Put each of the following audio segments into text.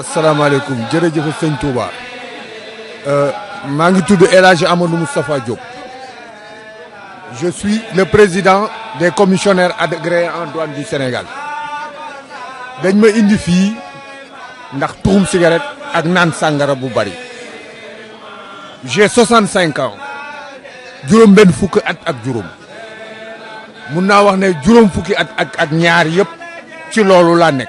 asalaamaaleykum jërëjëf sëñ Touba euh, ma ngi tudd elage Amadou Moustapha Diop je suis le président des commissionnaires agréés en douane du Sénégal dañ ma indi fi ndax tuxum cigarette ak nan sangara bu bari j'ai 65 ans djourum ben fukki at ak djourum mun naa wax ne djourum fukki at ak ak ñaar yëpp ci lolu la nek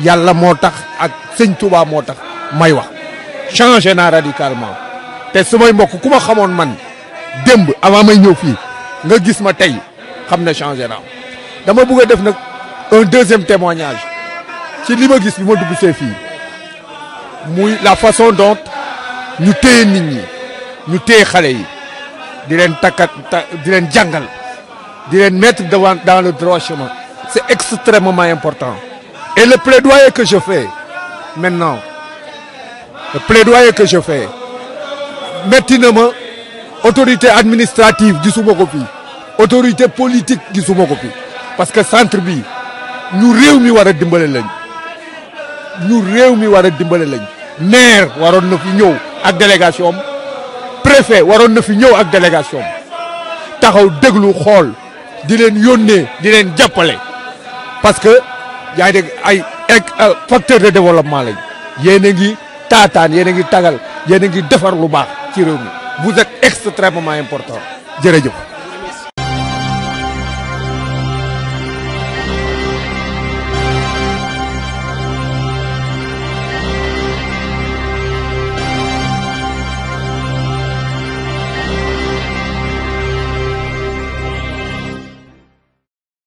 Yalla motax ak Seigne Touba motax may wax changez radicalement té sumay man demb, avant may ñew fi nga gis dama bëgg def un deuxième témoignage ci li gis dugg la façon dont ñu téy nit ñi ñu téy xalé yi di di di mettre dans le droit chemin c'est extrêmement important et le plaidoyer que je fais maintenant, le plaidoyer que je fais, maintenant, autorité administrative du Soumokopi, autorité politique du Soumokopi. Parce que centre tribu, nous réunissons wara dimbalé Nous réunissons wara dimbalé Maire waron na fi ñew délégation préfet waron na fi ñew ak délégation taxaw déglu xool di leen yónnee di parce que yaa ngi dégg ay facteur de développement lañ yéen a ngi taataan yéen a ngi tagal yéen a ngi defar lu baax ci réew mi bu êtes extrêmement important jërëjëf